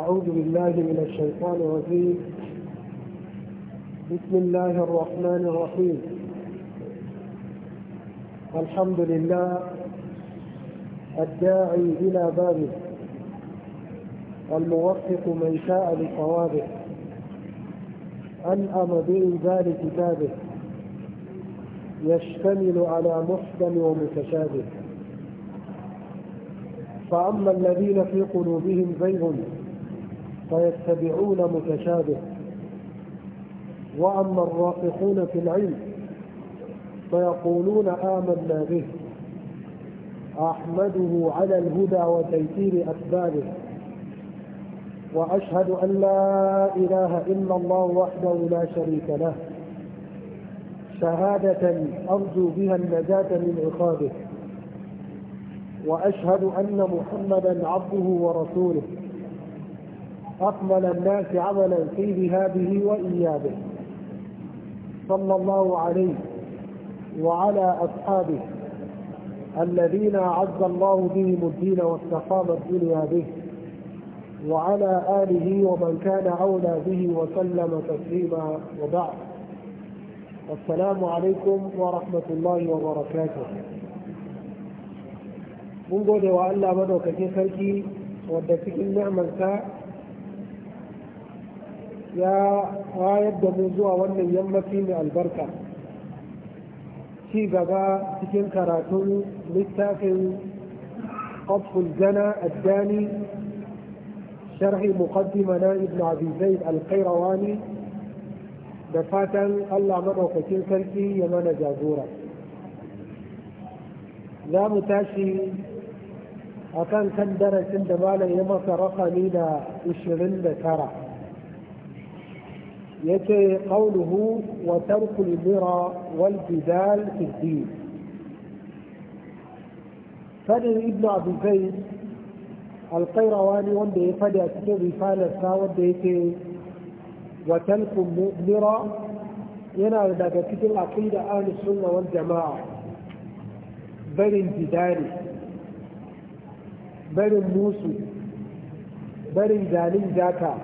أعوذ بالله من الشيطان الرجيم بسم الله الرحمن الرحيم الحمد لله الداعي إلى بابه الموفق من شاء لصوابه أنأم بإنزال كتابه يشتمل على محكم ومتشابه فأما الذين في قلوبهم زيغ فيتبعون متشابه وأما الراسخون في العلم فيقولون آمنا به أحمده على الهدى وتيسير أسبابه وأشهد أن لا إله إلا الله وحده لا شريك له شهادة أرجو بها النجاة من عقابه وأشهد أن محمدا عبده ورسوله أكمل الناس عملا في ذهابه وإيابه صلى الله عليه وعلى أصحابه الذين أعز الله بهم الدين واستقامت الدنيا به وعلى آله ومن كان أولى به وسلم تسليما وبعد السلام عليكم ورحمة الله وبركاته من gode wa Allah madaukakin sarki wadda cikin ni'amarsa ya wayar da mu zuwa wannan yammaci mai albarka ci gaba cikin karatun littafin jana addani sharhi muqaddima na ibn abi ابي al-qayrawani da fatan Allah maɗaukakin sarki ya mana jagora. Za mu tashi a kan kan darasin da malam ya masa rakami da 29. yace qawluhu wa tarkul bira wal jidal fi din fadin ibnu abu zaid alqairawani wanda ya fadi a cikin risalarsa wanda yake wa tarkul bira yana daga cikin aqida da sunna wal jamaa barin jidali barin musu barin zalin zaka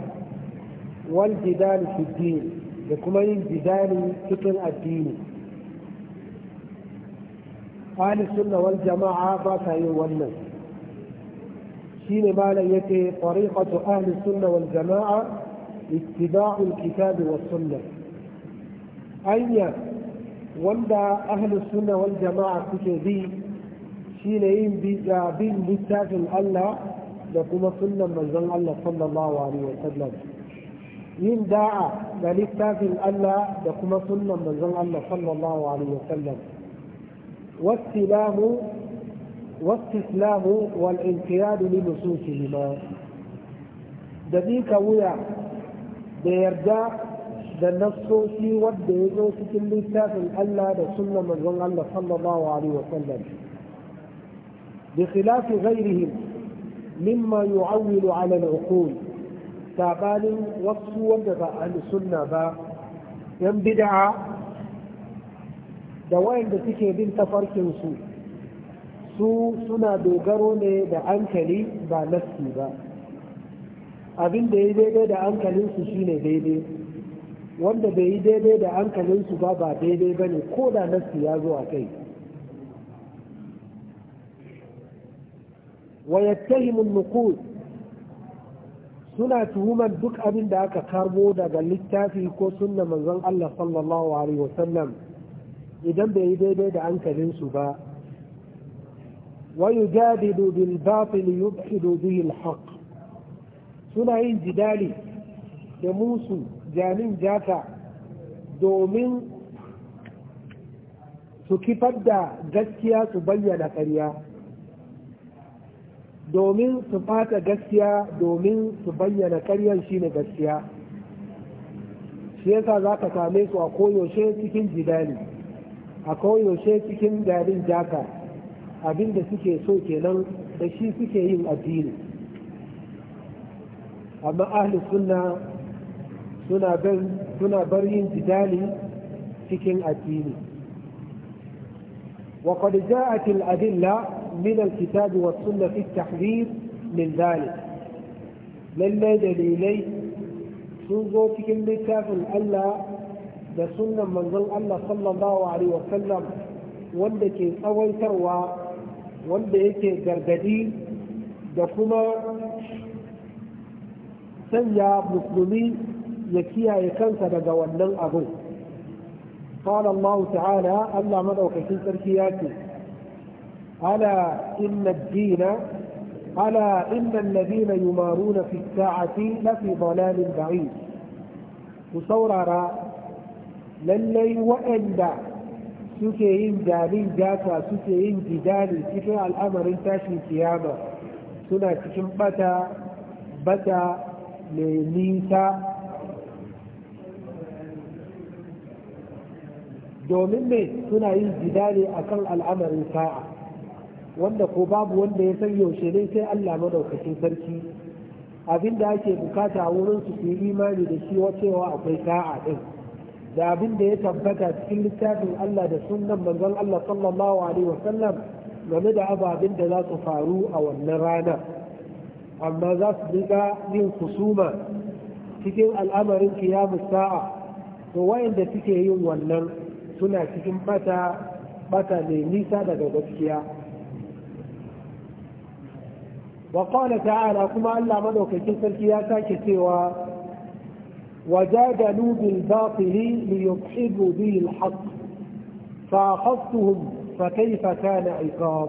والجدال في الدين لكم الجدال فكر الدين قال السنة والجماعة باتا يولن شين مالا يتي طريقة أهل السنة والجماعة اتباع الكتاب والسنة أي وندا أهل السنة والجماعة فكر دي شين إن بيجابين متاف الله لكم سنة من الله صلى الله عليه وسلم yin da'a ga littafin Allah da kuma sunnan manzon Allah sallallahu alaihi wasallam wasilamu wasilamu wal لنصوصهما li nususihi ma da bi kawuya da da yarda nassoshi wanda ya zo cikin littafin Allah da sunna manzon Allah sallallahu alaihi wasallam bi khilafi ghairihim mimma yu'awwilu ala al-uqul sabanin wasu wanda ba ahli sunna ba yan bid'a da wayanda suke bin tafarkinsu, su suna dogaro ne da ankali ba nafsi ba abin da ya daidai da hankalinsu shine daidai wanda bai yi daidai da hankalinsu ba ba daidai ba ne ko da nafsi ya zo a kai ويتهم النقود suna tuhumar duk abin da aka karbo daga littafi ko sunna manzon Allah sallallahu alaihi wasallam idan bai yi daidai da hankalin su ba ويجادل بالباطل يبعد به الحق suna yin jidali da musu jamin Jaka domin su kifar da gaskiya su bayyana ƙarya domin su fata gaskiya domin su bayyana shi ne gaskiya shi yasa za ka same su a koyaushe cikin jidali a koyaushe cikin garin jaka abinda suke so kenan da shi suke yin addini amma ahli sunna suna bar yin jidali cikin addini وقد جاءت الأدلة من الكتاب والسنة في التحذير من ذلك لما دليلي سنزو تكن لتافن ألا da sunan manzon Allah sallallahu alaihi wasallam wanda ke tsawaitarwa wanda yake gargadi da kuma sanya musulmi ya kiyaye kansa daga wannan abin. قال ta'ala allah ألا sarki ya ce. ألا إن الدين ألا إن الذين يمارون في الساعة لفي ضلال بعيد وصورارا للي وأندا سكين جالين جاتا سكين جدالي سكى الأمر تاشي كياما سنة سكين بتا بتا لنيسا domin ne suna yin jidali a kan al'amarin wanda ko babu wanda ya san yaushe ne sai Allah madaukakin sarki abin da ake bukata wurin su yi imani da shi wacewa akwai sa'a din da abin da ya tabbata cikin littafin Allah da sunnan manzon Allah sallallahu alaihi wasallam game da ababen da za su faru a wannan rana amma za su riga yin kusuma cikin al'amarin kiyamus sa'a to wayanda suke yin wannan suna cikin bata bata mai nisa daga gaskiya wa qala ta'ala kuma Allah madaukakin sarki ya sake cewa wajadalu bil batili li yudhibu bihi al fa akhadhtuhum fa kayfa kana iqab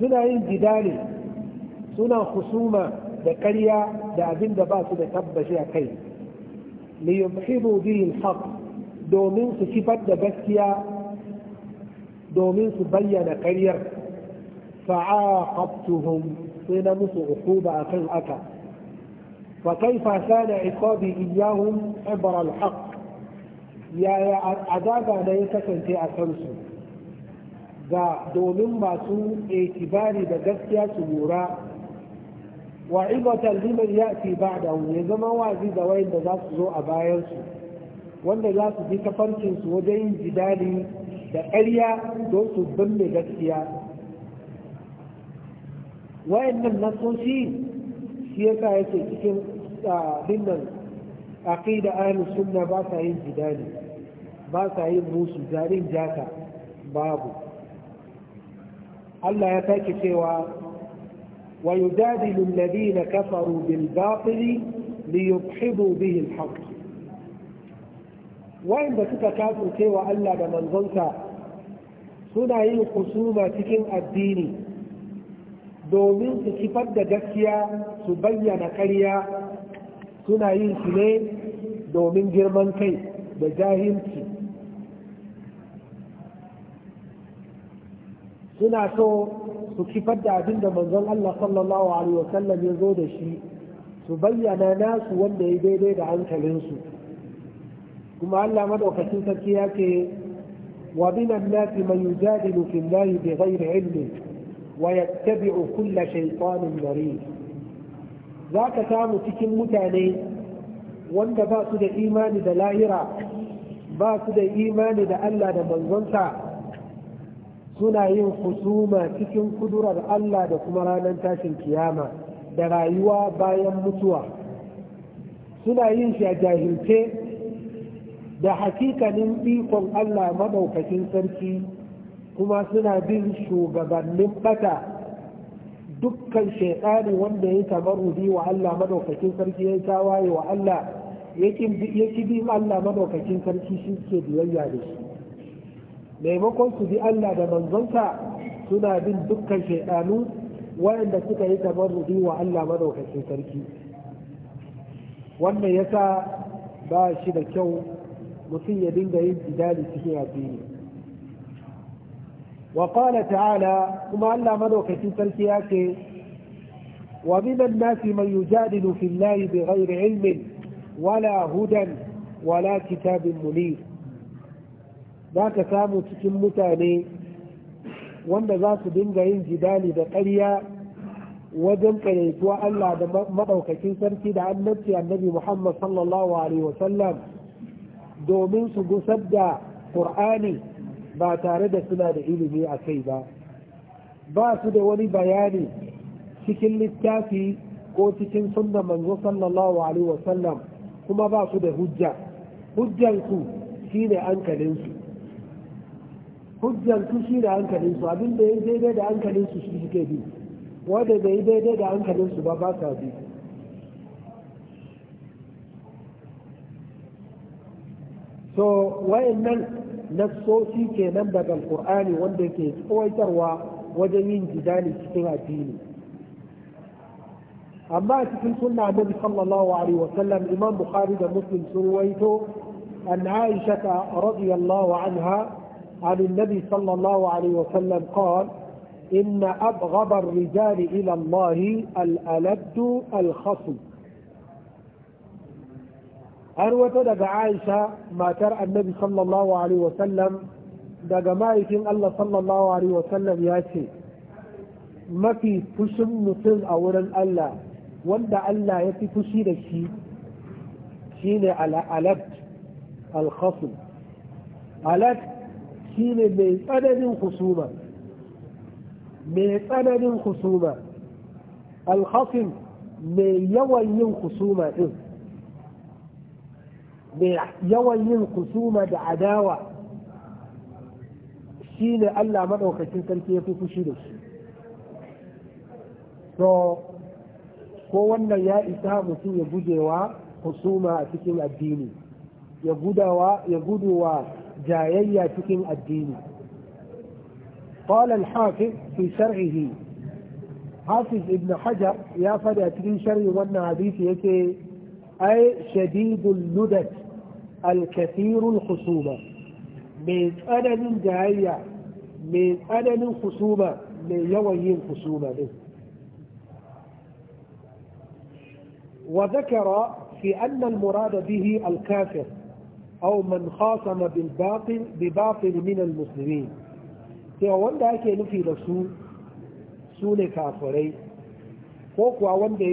suna yin jidali suna husuma da ƙarya da abin da ba su da tabbashi a kai li yudhibu bihi al domin su kifar da gaskiya domin su bayyana ƙaryar sai na فعاقبتهم سينا Ba عقوبة أكن أكا فكيف كان عقابي إياهم عبر الحق يا يا ya kasance a kansu? ga domin masu itibari da gaskiya su lura wa ibatan liman ya'ti ba'dahu ya zama wazi da wayin da za su zo a bayansu, wanda za su bi tafarkin su wajen yin jidali da ƙarya don su binne gaskiya wayannan nasoshi shi yasa yake cikin abin nan da ahlus sunna ba sa yin ne, ba sa yin musu jarin jaka babu Allah ya sake cewa wa yujadilu alladhina kafaru bil batili liyudhibu bihi al haqq wayanda suka kafirce cewa Allah da manzonsa suna yin kusuma cikin addini domin su kifar da gaskiya su bayyana karya suna yin su ne domin girman kai da jahilci suna so su kifar da abin da manzon Allah sallallahu alaihi wasallam ya zo da shi su bayyana nasu wanda ya daidai da su. kuma Allah madaukakin sarki ya ce wa binan nasi man yujadilu fillahi bi ghairi ilmin ويتبع كل شيطان مريض ذاك samu cikin mutane wanda ba su da imani da lahira ba su da imani da Allah da manzonsa suna yin husuma cikin kudurar Allah da kuma ranar tashin kiyama da rayuwa bayan mutuwa suna yin shi da hakikanin ikon Allah madaukakin sarki kuma suna bin shugabannin bata dukkan shaitani wanda ya tabarudi wa Allah madaukakin sarki ya tawaye wa Allah ya ki bi Allah madaukakin sarki shi ke biyayya da shi maimakon su bi Allah da manzonsa suna bin dukkan shekaru waɗanda suka yi tabarudi wa Allah madaukakin sarki wannan yasa ba shi da kyau mutum ya dinga yin jidali cikin addini وقال تعالى كما ألا مدوك تنسلتياك ومن الناس من يجادل في الله بغير علم ولا هدى ولا كتاب منير ذاك سامو تكن متاني wanda za su dinga yin jidali da ƙarya wajen ƙaraituwa Allah da maɗaukacin sarki da annabci annabi Muhammad sallallahu Alaihi wasallam domin su gusar da ƙur'ani ba tare da suna da ilimi a kai ba ba su da wani bayani cikin littafi ko cikin sunna manzo sallallahu alaihi wasallam kuma ba su da hujja hujjansu shine hankalinsu hujjansu shine hankalinsu abinda ya daidai da hankalinsu shi suke bi wanda bai yi daidai da su ba ba sa bi so wayannan nassoci kenan daga alkur'ani wanda ke tsawaitarwa wajen yin jidali cikin addini amma a cikin sunna annabi sallallahu alaihi wa sallam imam bukhari da muslim sun waito an aisha ta radiyallahu anha عن النبي صلى الله عليه وسلم قال إن أبغض الرجال إلى الله الألد الخصم har wata daga aisha matar annabi sallallahu alaihi wasallam daga ma'aikin allah sallallahu alaihi wasallam ya ce mafi fushin mutum a wurin allah wanda allah ya fi fushi da shi shine alad alkhasul alad shine mai tsananin husuma mai tsananin husuma alkhasul mai yawan yin husuma din mai yawan yin kusuma da adawa shi ne Allah maɗaukacin sarki ya fi fushi da shi to ko wannan ya isa mutum ya gujewa kusuma a cikin addini ya gudawa ya guduwa jayayya cikin addini قال الحافظ في شرعه حافظ ابن حجر يا فدا cikin sharhi wannan hadisi yake ai shadidul ludat الكثير الخصومة من أدن جاية من أدن خصومة من يوين خصومة به وذكر في أن المراد به الكافر أو من خاصم بالباطل بباطل من المسلمين sai wanda ake nufi da كافري وقوى ne kafirai ko kuwa wanda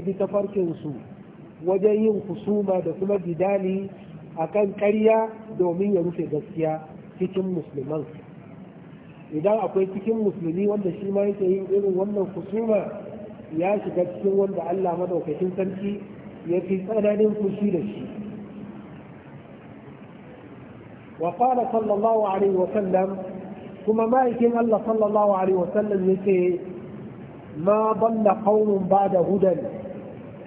ya bi a kan ƙarya domin ya rufe gaskiya cikin musulman idan akwai cikin musulmi wanda shi ma yake yin irin wannan kusuma ya shiga cikin wanda Allah madaukakin sarki ya fi tsananin fushi da shi wa qala sallallahu alaihi wa sallam kuma ma'aikin Allah sallallahu alaihi wa sallam yake ma dalla qaumun ba'da hudan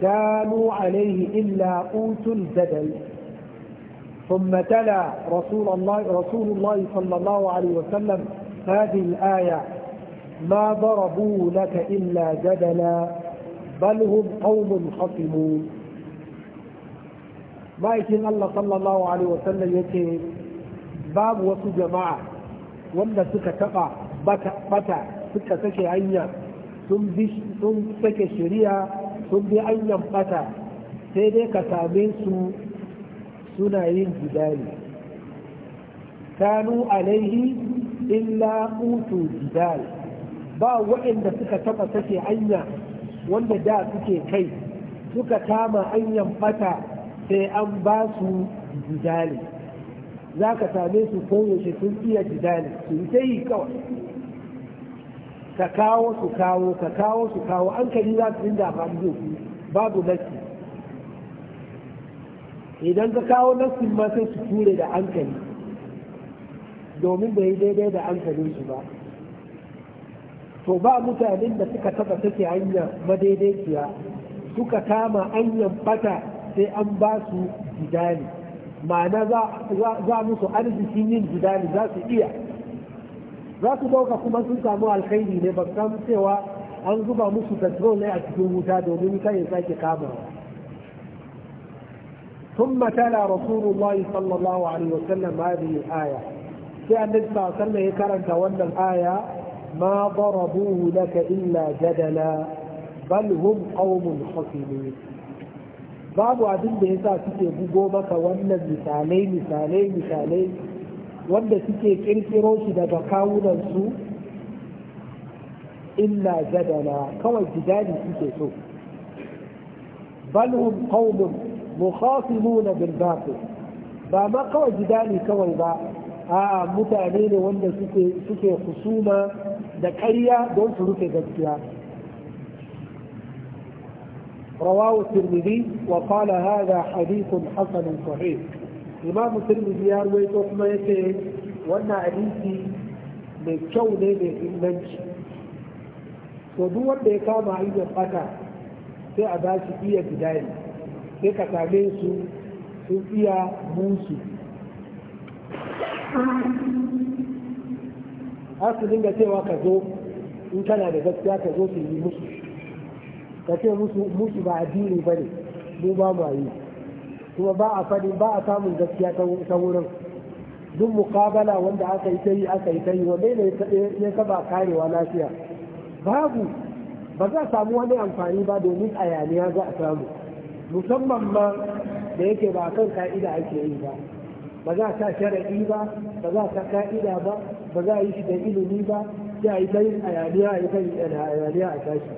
kanu alaihi illa utul zadal ثم تلا رسول الله, رسول الله صلى الله عليه وسلم هذه الآية ما ضربوا لك إلا جدلا بل هم قوم خصمون ما يكين الله صلى الله عليه وسلم يكي باب وسو جماعة سكة تقع taba بكى بكى sake hanya sun sake ثم sun bi hanyar bata sai dai سيدي كتابين سو suna yin jidali kanu alaihi illa utu jidal ba waɗanda suka taɓa sake anya wanda da suke kai suka kama anyan fata sai an ba su jidali za ka same su koyaushe sun iya jidali su yi ta yi kawai ka kawo su kawo ka kawo su kawo an kari za su inda babu idan ka kawo nassin ma sai su ture da hankali domin bai daidai da hankalin su ba to ba mutanen da suka taba take hanya madaidaiciya suka kama hanyar fata sai an ba su jidali ma'ana za musu arzikin yin jidali za su iya za su dauka kuma sun samu alkhairi ne ba san cewa an zuba musu petrol ne a cikin wuta domin kai ya sake kamawa ثم تلا رسول الله صلى الله عليه وسلم هذه الآية في أن صلى الله الآية ما ضربوه لك إلا جدلا بل هم قوم خصمين babu abin da yasa suke bugo maka wannan misalai misalai misalai wanda suke kirkiro shi daga kawunansu illa jadala kawai jidali suke so bal hum qaumun mukhasimuna na batil ba ma kawai jidali kawai ba A'a mutane ne wanda suke suke husuma da karya don su rufe gaskiya رواه الترمذي وقال هذا حديث حسن صحيح إمام الترمذي يروي كما يتي wannan حديثي mai kyau ne mai inganci to duk wanda ya kama hanyar fata sai a ba shi iya bidayi sai ka same su sun iya musu har su dinga cewa ka zo in kana da gaskiya ka zo su yi musu ka ce musu musu ba addini ba ne mu ba mu yi kuma ba a fadi ba a samun gaskiya ta wurin duk mukabala wanda aka yi ta yi aka yi ta yi wanda ne ya saba karewa lafiya babu ba za a samu wani amfani ba domin ayaniya za a samu musamman ma da yake ba kan ka'ida ake yi ba ba za ta shara'i ba ba za ta ka'ida ba ba za a yi shi da ilimi ba sai yi ta a a yi ta yin a tashi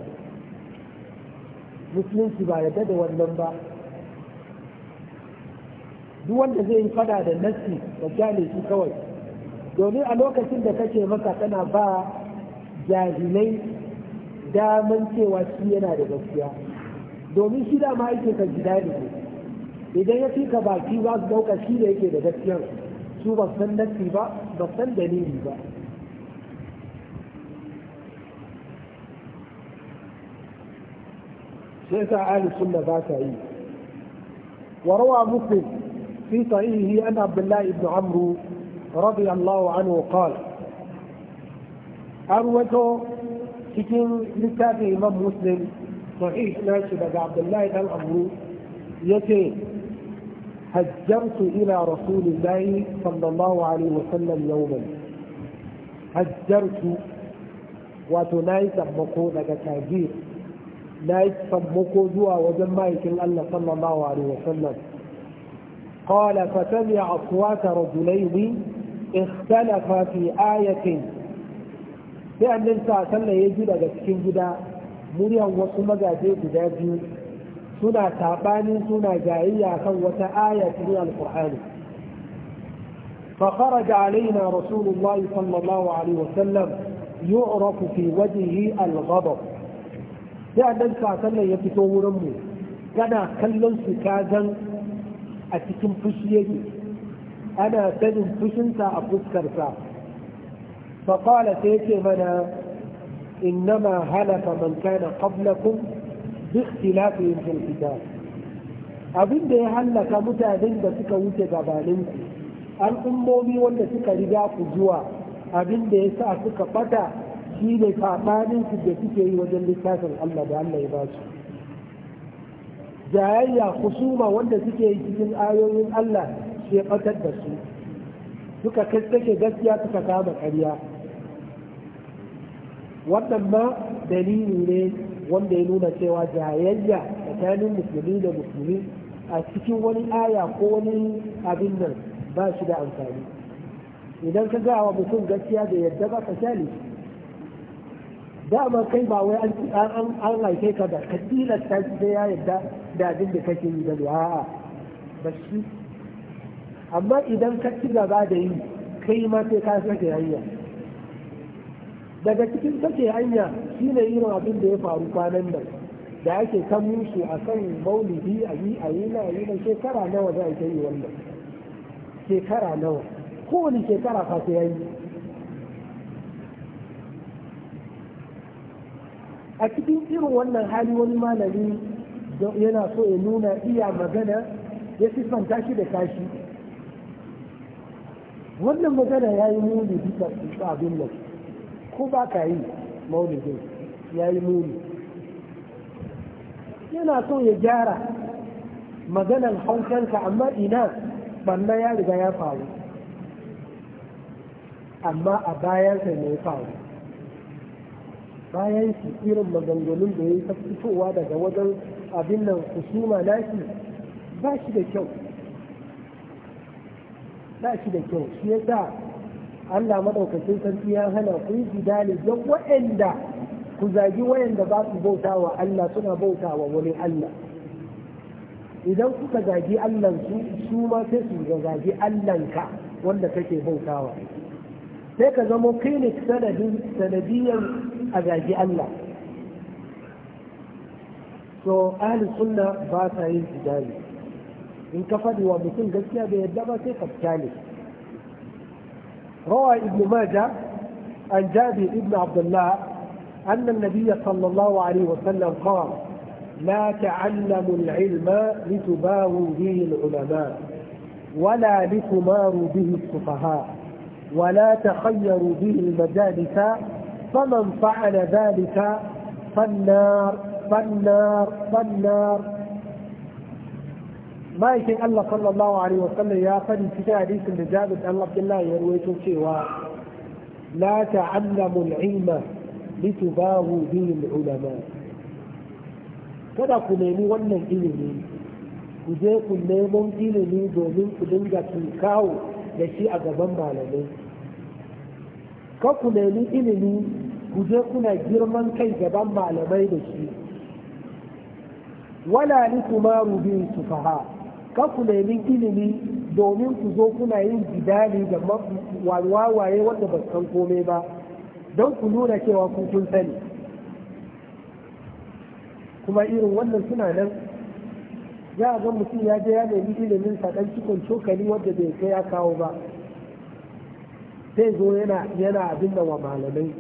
musulunci ba yadda da wannan ba duk wanda zai yi fada da nassi da gane shi kawai domin a lokacin da kake maka tana ba jahilai daman cewa shi yana da gaskiya domin shi dama yake ka gida ne idan ya fi ka baki za su shi da yake da gaskiyar su ba san nassi ba ba san dalili ba sai sa ahli sunna ba ta yi وروى مسلم في صحيحه عن عبد الله بن عمرو رضي الله عنه قال cikin littafin imam muslim sahih nashi daga abdullahi dan amru yace هجرت إلى رسول الله صلى الله عليه وسلم يوما هجرت وتناي سمكو لك تهجير ناي سمكو زوا وجمعك الله صلى الله عليه وسلم قال فسمع أصوات رجلين اختلفا في آية لأن الإنسان يجد لك جدا muryan wasu magaje guda biyu suna taɓanin suna jayayya kan wata aya cikin alƙur'ani فخرج علينا رسول الله صلى الله عليه وسلم يعرف في وجهه الغضب da dan sasallan ya fito wurin mu kana kallon su kazan a cikin fushi yake ana sanin fushinta a fuskarsa fa qala sai ce mana إنما هلك من كان قبلكم باختلافهم في الكتاب abin da ya hallaka mutanen da suka wuce gabaninku al'ummomi wanda suka riga ku zuwa abin da ya sa suka ɓata shi ne saɓaninku da suke yi wajen littafin Allah da Allah ya ba su jayayya kusuma wanda suke yi cikin ayoyin Allah shi ya da su suka kaskake gaskiya suka kama karya wannan ma dalili ne wanda ya nuna cewa jayayya tsakanin musulmi da musulmi a cikin wani aya ko wani abin nan ba shi da amfani idan ka ga wa mutum gaskiya da yadda ba ka shali dama kai ba wai an an an haife ka da ka tilasta shi sai ya yadda da abin da kake yi da a'a ba amma idan ka ci gaba da yi kai ma sai ka sake hanya daga cikin sake hanya shine irin abin da ya faru kwanan nan da ake kan musu a kan maulidi a yi a yi na yi na shekara nawa za a yi wannan shekara nawa kowane shekara fa sai yayi a cikin irin wannan hali wani malami yana so ya nuna iya magana ya siffanta shi da tashi. wannan magana ya yi muni bisa abin nan ko ba ka yi maulidin ya yi muni yana so ya gyara maganar haukanka amma ina banna ya riga ya faru amma a bayansa ne ya faru bayan shi irin maganganun da ya yi ta daga wajen abin nan husuma nashi ba shi da kyau ba shi da kyau shi ya sa Allah maɗaukacin sarki ya hana ku yi jidali ga waɗanda ku zagi waɗanda ba su bauta wa Allah suna bauta wa wani Allah idan kuka zagi Allah su su ma sai su zagi Allahnka wanda kake bautawa sai ka zamo clinic sanadin sanadiyar a zagi Allah so ahli sunna ba ta yin jidali in ka faɗi wa mutum gaskiya bai yadda ba sai ka ne روى ابن ماجه عن جابر بن عبد الله أن النبي صلى الله عليه وسلم قال لا تعلموا العلم لتباووا به العلماء ولا لتماروا به السفهاء ولا تخيروا به المجالس فمن فعل ذلك فالنار فالنار فالنار ma'aikin Allah sallallahu alaihi wasallam ya fadi cikin hadisin da Jabir dan Abdullah ya ruwaito cewa la ta'allamu al-ilma litubahu bihi al-ulama kada ku nemi wannan ilimi ku je ku neman ilimi domin ku dinga kawo da shi a gaban malamai ka ku nemi ilimi ku je kuna girman kai gaban malamai da shi wala litumaru bihi sufaha ka ku nemi ilimi domin ku zo kuna yin jidali da wawaye wanda ba san komai ba don ku nuna cewa kun kun sani kuma irin wannan suna nan za ga mutum ya je ya nemi ilimin sa dan cikon cokali wanda bai kai ya kawo ba zai zo yana yana abin da wa malamai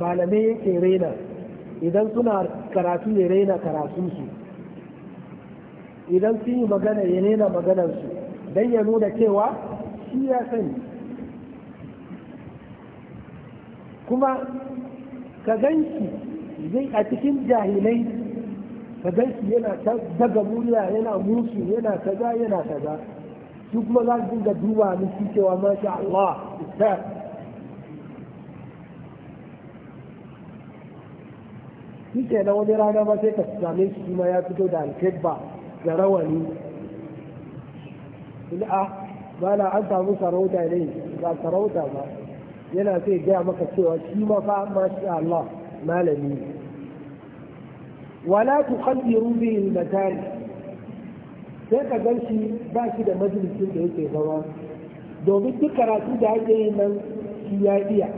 malamai yake raina idan suna karatu ne raina karatunsu idan sun yi magana ya nena maganarsu don ya nuna cewa shi ya sani kuma ka ganshi zai a cikin jahilai ka ganshi yana ta daga murya yana musu yana kaza yana kaza su kuma za su dinga duba shi cewa masha Allah shi ke na wani rana ba sai ka same shi ma ya fito da alkebba da rawani a ah, ba na an samu sarauta ne ba sarauta ba yana sai gaya maka cewa shi ma fa shi Allah malami wala tuqaddiru bi al-makan sai ka gan shi ba shi da majalisin da yake zama domin duk karatu da ake yi nan shi ya iya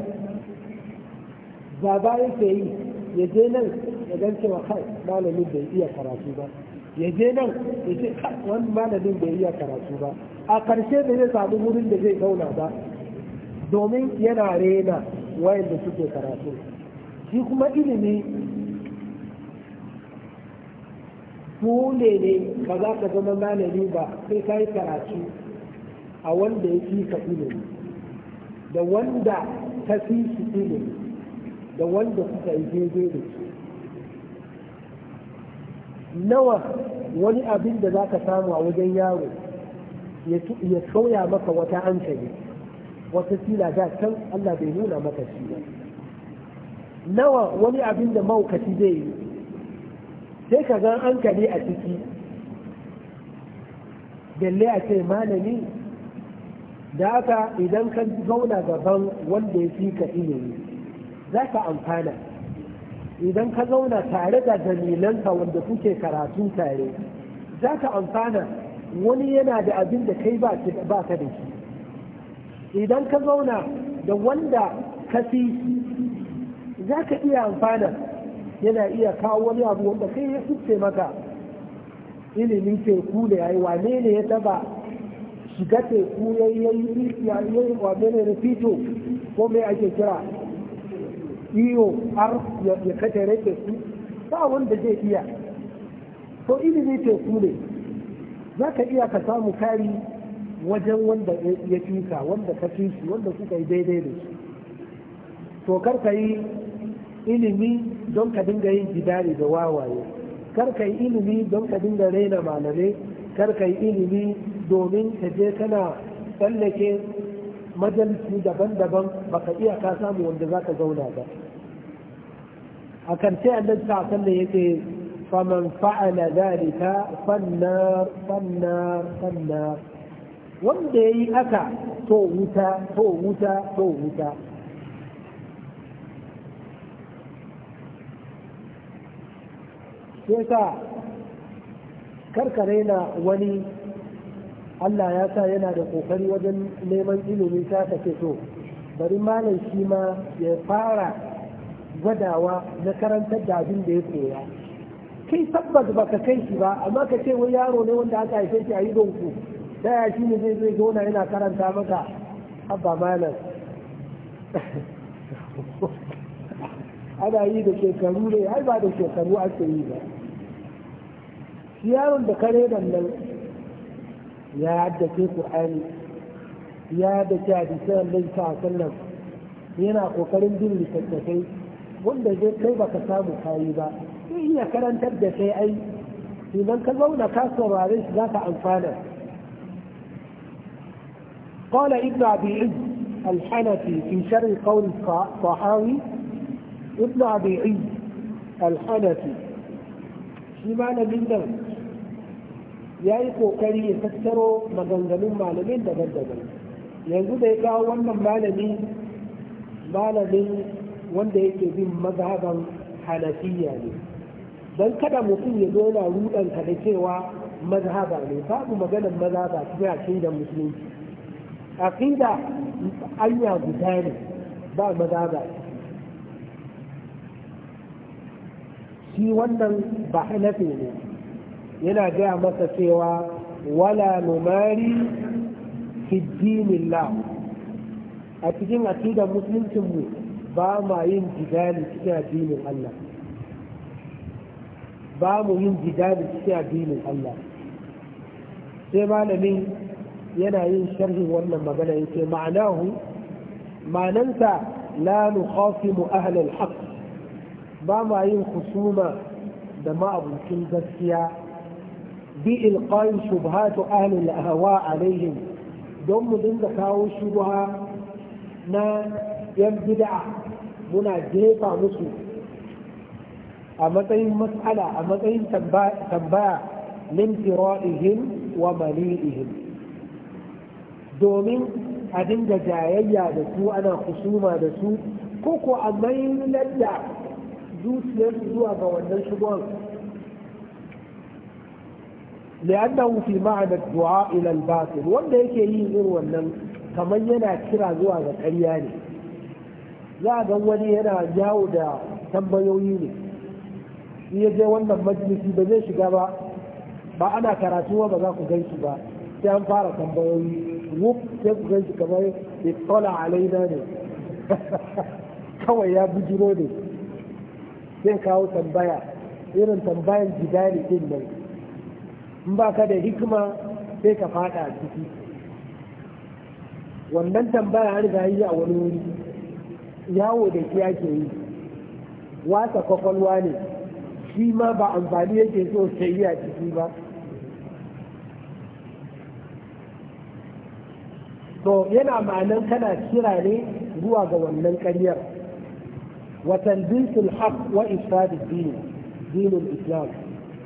ba yake yi ya je nan ya gan cewa kai malamin bai iya karatu ba ya je nan ya ce wani malamin bai iya karatu ba a karshe da ya samu wurin da zai zauna ba domin yana rena wayanda suke karatu shi kuma ilimi dole ne ba za ka zama malami ba sai ka yi karatu a wanda ya fi ka ilimi da wanda ka fi shi ilimi da wanda kuka yi daidai da nawa wani abin da za ka samu a wajen yaro ya sauya maka wata hankali wata sila da can Allah bai nuna maka shi nawa wani abin da maukaci zai yi sai ka gan hankali a ciki belle a ce malami da haka idan ka zauna gaban wanda ya fi ka ilimi za ka amfana idan ka zauna tare da dalilanka wanda suke karatu tare za ka amfana wani yana da abin da kai ba ka da shi idan ka zauna da wanda ka fi za ka iya amfana yana iya kawo wani abu wanda kai ya fice maka ilimin teku da ya yi wane ne ya taba shiga teku ya yi ya yi wane ne fito ko mai ake kira iyo har ya katare teku ba wanda zai iya to ilimi teku ne za ka iya ka samu kari wajen wanda ya tuka wanda ka fi shi wanda kuka yi daidai da su to kar yi ilimi don ka dinga yin gidari da wawaye kar ka yi ilimi don ka dinga raina malamai kar yi ilimi domin ka je kana tsallake majalisi daban-daban ba ka iya ka samu wanda za ka zauna ba a kan ce a annan ta sannan ce faman fa'ala zalika fannar fannar fannar wanda ya yi aka to wuta to wuta to wuta sai ka karkare na wani Allah ya sa yana da ƙoƙari wajen neman ilimi ta take so. bari malam shi ma ya fara gwadawa na karantar da abin da ya koya kai tabbas ka kai shi ba amma ka ce wai yaro ne wanda aka haife shi a idon ku daya shi ne zai zai zauna yana karanta maka abba malam ana yi da shekaru ne ai ba da shekaru ake yi ba yaron da kare nan ya haddace Qur'ani ya haddace hadisan Annabi sallallahu alaihi yana kokarin bin littattafai wanda zai kai baka samu kayi ba sai iya karantar da kai ai idan ka zauna ka saurare shi za ka amfana قال ابن ابي عز الحنفي في شر قول الطحاوي ابن ابي عز الحنفي shi malamin nan ya yi kokari ya tattaro maganganun malamin daban-daban yanzu da ya kawo wannan malami malamin wanda yake bin mazhaban hanafiya ne don kada mutum ya zo na rudanka da cewa mazhaba ne babu maganar mazhaba cikin aqidar musulunci aqida anya guda ne ba mazhaba shi wannan ba hanafi ne yana gaya masa cewa wala numari fi a cikin aqidar musuluncin mu ba ma yin jidali cikin addinin Allah ba mu yin jidali cikin addinin Allah sai malamin yana yin sharhin wannan magana yake ma'anahu ma'anansa la nukhasimu ahlal haqq ba ma yin husuma da ma'abucin gaskiya بإلقاء شبهات أهل الأهواء عليهم don mu dinga kawo shubha na yan bid'a muna jefa musu a matsayin matsala a matsayin tambaya limtira'ihim wa mani'ihim domin a dinga jayayya da su ana kusuma da su ko ko a mai da zuciyarsu zuwa ga wannan shugon li'annahu fi ma'ana du'a ila al-batil wanda yake yi irin wannan kamar yana kira zuwa ga ƙarya ne za ga wani yana jawo da tambayoyi ne in ya je wannan majalisi ba zai shiga ba ba ana karatu ba za ku gan ba sai an fara tambayoyi wuf sai ku gan shi kamar ittola alaina ne kawai ya bujiro ne zai kawo tambaya irin tambayan jidali din nan in ba ka da hikima sai ka fada a ciki wannan tambaya an riga yi a wani wuri yawo da shi ake yi wasa kwakwalwa ne shi ma ba amfani yake so sai yi a ciki ba to yana ma'anan kana kira ne zuwa ga wannan ƙaryar wa tanbisul haq wa ifsad din din islam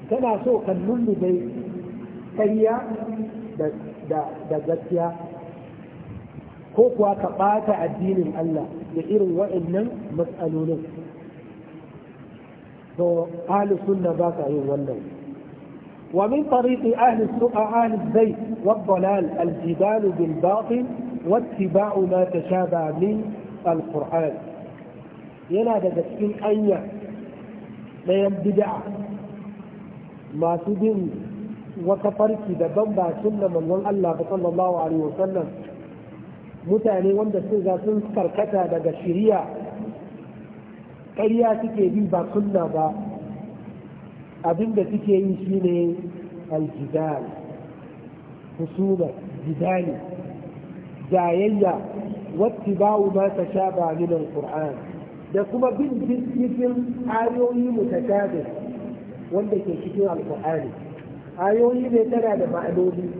kana so ka lullube karya da gaskiya ko kuwa ka ɓata addinin Allah da irin wa'annan matsalolin. To, alisun da ba ka yi wannan. ومن طريق أهل السوء أهل الزيت والضلال الجدال بالباطل واتباع ما تشابه من القرآن ينادى تسكين أن لا ينبدع ما تدين wata farki daban ba sunna manzon Allah ba sallallahu alaihi wasallam mutane wanda sun ga sun karkata daga shiriya ƙarya suke bi ba sunna ba abinda suke yi shine aljidal husuma jidali jayayya wattiba'u ma tashaba min alquran da kuma bin diddigin ayoyi mutashabih wanda ke cikin qurani ayoyi ne tana da ma'anoni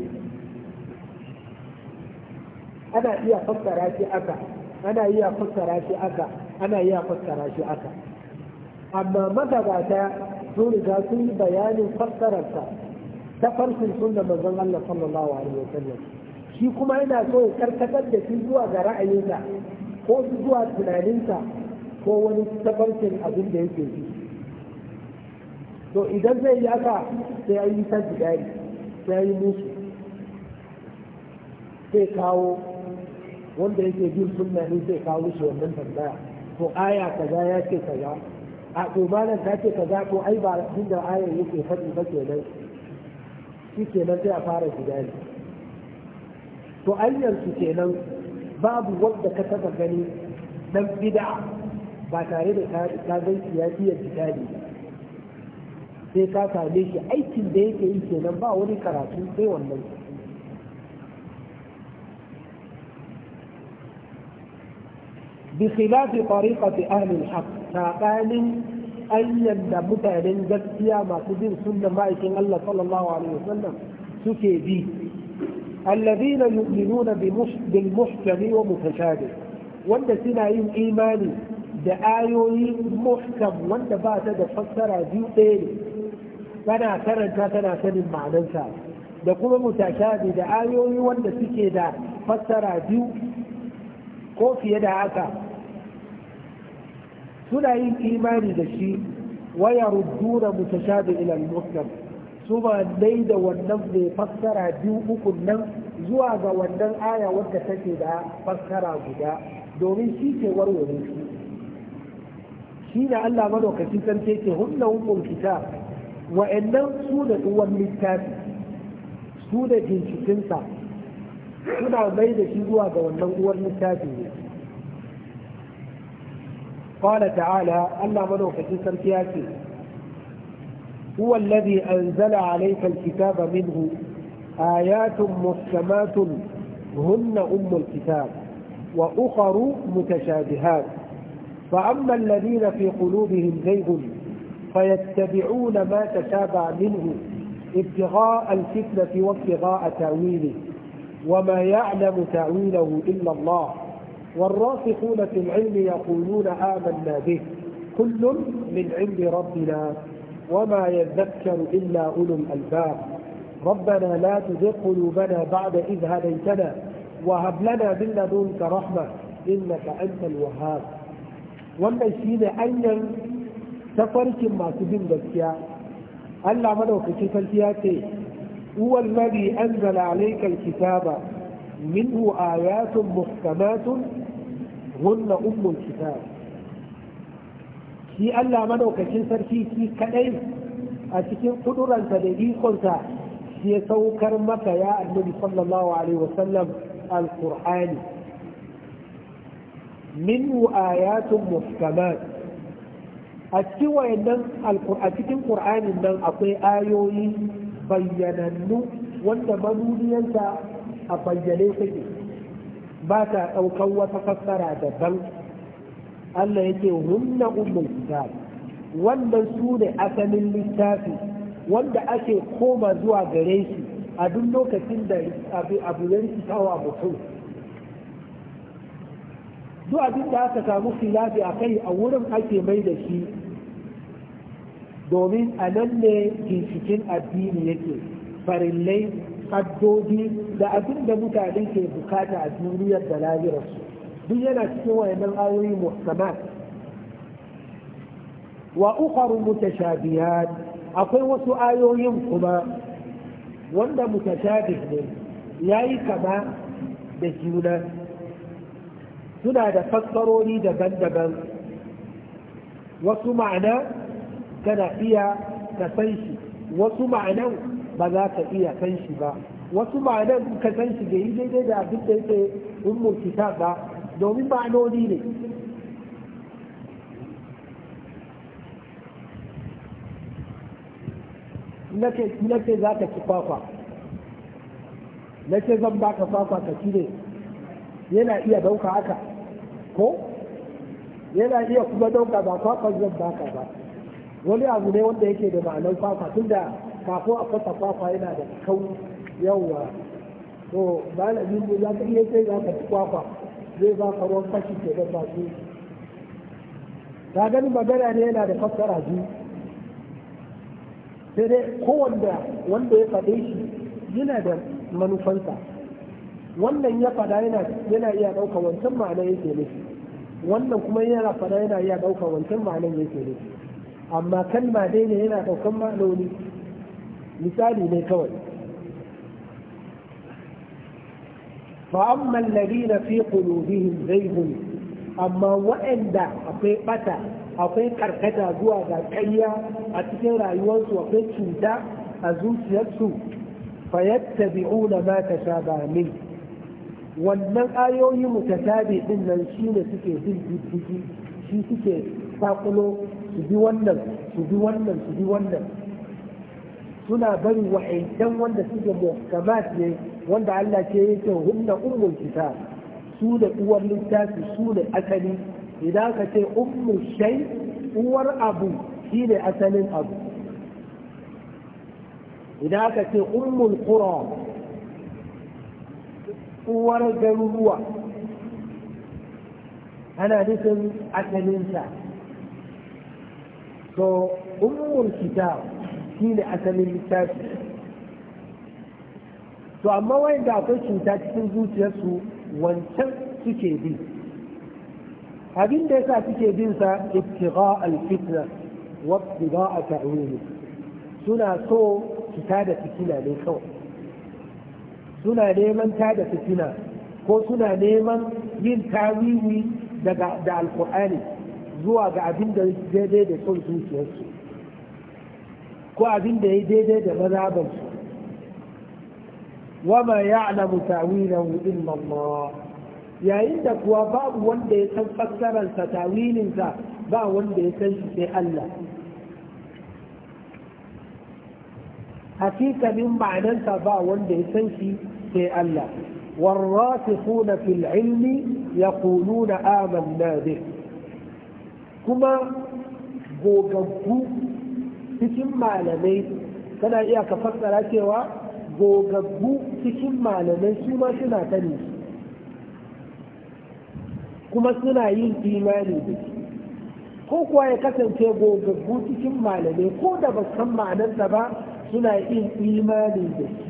ana iya fassara shi aka ana iya fassara shi aka ana iya fassara shi aka amma magabata sun riga sun yi bayanin fassararsa ta farkin sunna manzon Allah sallallahu alaihi wasallam shi kuma yana so ya karkatar da shi zuwa ga ra'ayinsa ko zuwa tunaninsa ko wani tafarkin abin da yake yi to idan zai yi haka sai an yi ta jidari sai yi musu sai kawo wanda yake bin sunna ne sai kawo shi wannan tambaya to aya kaza ya ce kaza a to malam ta ce kaza ko ai ba da ayar yake faɗi ba kenan shi kenan sai a fara jidari to ayyansu kenan babu wanda ka taba gani dan bid'a ba tare da ka ga ya fiye jidali ba sai ka same shi aikin da yake yi kenan ba wani karatu sai wannan بخلاف طريقة أهل الحق فقال أن يندمت من جسيا ما تدين سنة مائك الله صلى الله عليه وسلم سكي بي الذين يؤمنون بالمحكم ومتشابه وانت سنعين إيماني da ayoyi muhkam wanda ba ta da fassara biyu ɗaya kana karanta tana sanin ma'anansa da kuma mutashabi da ayoyi wanda suke da fassara biyu ko fiye da haka suna yin imani da shi waya rudduna mutashabi ila muhkam su ba dai da wannan mai fassara biyu uku nan zuwa ga wannan aya wadda take da fassara guda domin shi ke warware shi shi da Allah madaukakin sarki ke hunna hukumul kitab wa'annan su da uwan littafi su da ginshikinsa suna mai da shi zuwa ga wannan uwar littafi ne qala ta'ala Allah madaukakin sarki ya ce huwa alladhi anzala alayka alkitaba minhu ayatun muhkamatun hunna ummul kitab wa ukharu mutashabihat فأما الذين في قلوبهم زيغ فيتبعون ما تتابع منه ابتغاء الفتنة وابتغاء تاويله وما يعلم تاويله إلا الله والراسخون في العلم يقولون آمنا به كل من عند ربنا وما يذكر إلا أولو الألباب ربنا لا تزغ قلوبنا بعد إذ هديتنا وهب لنا من لدنك رحمة إنك أنت الوهاب wannan shi tafarkin masu bin gaskiya Allah madaukakin sarki ya ce an huwal ladhi anzala alayka alkitaba minhu ayatun muhkamatun hunna ummul kitab shi Allah madaukakin sarki shi kadai a cikin kuduransa da ikonsa shi ya saukar maka ya annabi sallallahu alaihi wasallam alqur'ani minhu ayatun muhkamatun a cikin wayannan a cikin qur'anin nan akwai ayoyi bayyanannu wanda manuniyansa a bayyane take ba ta ɗaukan wata fassara daban Allah yake hunna ummul kitab wannan su ne asalin littafi wanda ake koma zuwa gare shi a duk lokacin da abu ya rikita wa mutum duk abin da aka samu filafi a kai a wurin ake mai da shi domin a nan ne ginshikin addini yake farillai haddodi da abin da mutane ke bukata a duniyar da lahirarsu duk yana cikin wayannan ayoyi musamman. wa ukwaru akwai wasu ayoyin kuma wanda mutashabi ne yi kama da juna suna da fassarori daban-daban wasu ma'ana kana iya ka san shi wasu ma'anan ba za ka iya san shi ba wasu ma'anan ka san shi da yi daidai da abin da yake ummul kitab ba domin ma'anoni ne nake za ka ci kwakwa nake zan ba ka kwakwa ka ci ne yana iya dauka haka ko yana iya kuma dauka ba kwakwa zan baka ba wani abu ne wanda yake da ma'anar kwakwa tunda kafo a fasa kwakwa yana da kau yawa to malamin mu za ka iya sai za ka ci kwakwa zai ba ka ruwan fashi ke da ba su ta gani magana ne yana da fassara ji sai dai kowanne wanda ya faɗe shi yana da manufansa wannan ya fada yana yana iya ɗauka wancan ma'ana yake ne wannan kuma yana fada yana iya ɗauka wancan ma'anan yake ne amma kalma daina yana ɗaukan ma'anoni misali ne kawai fa'amman lari na fi ƙulubihin zaihun amma wa'anda akwai ɓata akwai karkata zuwa ga ƙayya a cikin rayuwarsu akwai cuta a zuciyarsu fayyadda bi'una ma ta sha ba min wannan ayoyi mutatabi din nan shine suke bin diddigi shi suke sakulo su bi wannan su bi wannan su bi wannan suna bari wa'idan wanda suke muhkamat ne wanda Allah ke yake hunna ummul kitab su da uwar littafi su da asali idan ka ce ummul shay uwar abu shi ne asalin abu idan ka ce ummul qura uwar garuruwa ana nufin asalinsa to ummul kitab shi ne asalin littafi to amma wanda akwai cuta cikin zuciyarsu wancan suke bi abin da yasa suke bin sa ittiqa al-fitna wa ibtigha tawil suna so fita da fitina ne kawai suna neman ta da fitina ko suna neman yin tawiwi daga da alkur'ani zuwa ga abin da daidai da son zuciyarsu ko abin da ya daidai da mazabansu wama ya'lamu tawilahu wudin mamma yayin da kuwa babu wanda ya san fassararsa tawilinsa ba wanda ya san shi sai Allah min ma'anarsa ba wanda ya san shi sai Allah والراسخون fil ilmi يقولون آمنا به kuma gogaggu cikin malamai kana iya ka fassara cewa gogaggu cikin malamai su ma suna tani, kuma suna yin imani da ko kuwa ya kasance gogaggu cikin malamai ko da ba san ma'anarsa ba suna yin imani da shi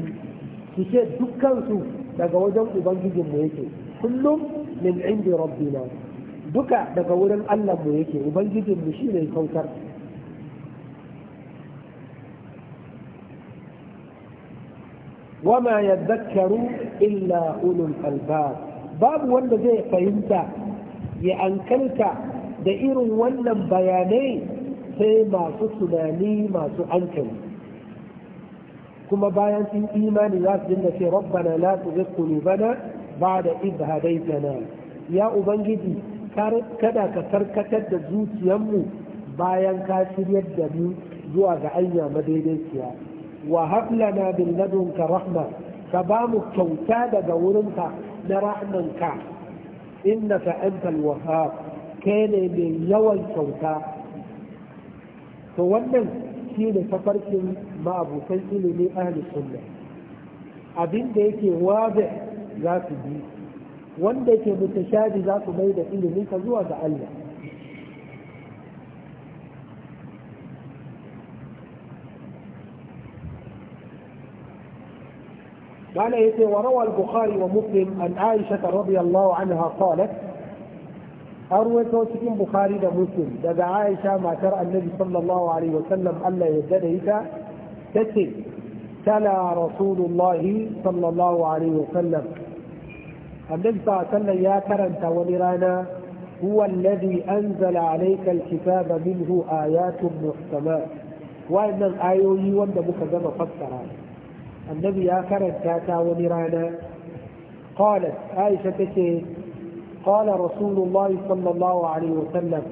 ki ce dukkansu daga wajen ubangijinmu yake kullum min indi rabbina duka daga wurin Allah mu yake ubangijinmu shi ne kautar wama yadhakkaru illa ulul albab babu wanda zai fahimta ya ankalta da irin wannan bayanai sai masu tunani masu ankali. kuma bayan sun imani za su dinga ce rabbana la tuzigh qulubana ba'da idh hadaytana ya ubangiji kada ka karkatar da zuciyarmu bayan ka shiryar da mu zuwa ga anya madaidaiciya wa lana bin ladunka rahma ka ba mu kyauta daga ka na Rahman ka innaka antal wahhab kai ne mai yawan kyauta to wannan shi ne tafarkin ma'abukan ilimi ahli sunna abin da yake wabe za su bi wanda yake mutashabi za su mai da ilimin ka zuwa ga Allah قال يتي وروى البخاري ومسلم عن عائشة رضي الله عنها قالت an ruwaito cikin bukhari da muslim daga aisha matar annabi sallallahu alaihi wasallam allah ya da ita ta ce tala rasulullahi sallallahu alaihi wasallam annabi sallallahu ya karanta wani rana هو الذي أنزل عليك الكتاب منه آيات محكمات وإن الآيوي وند مكذبة فسرها النبي آخر التاتا ونرانا قالت عائشة تشيء قال رسول الله صلى الله عليه وسلم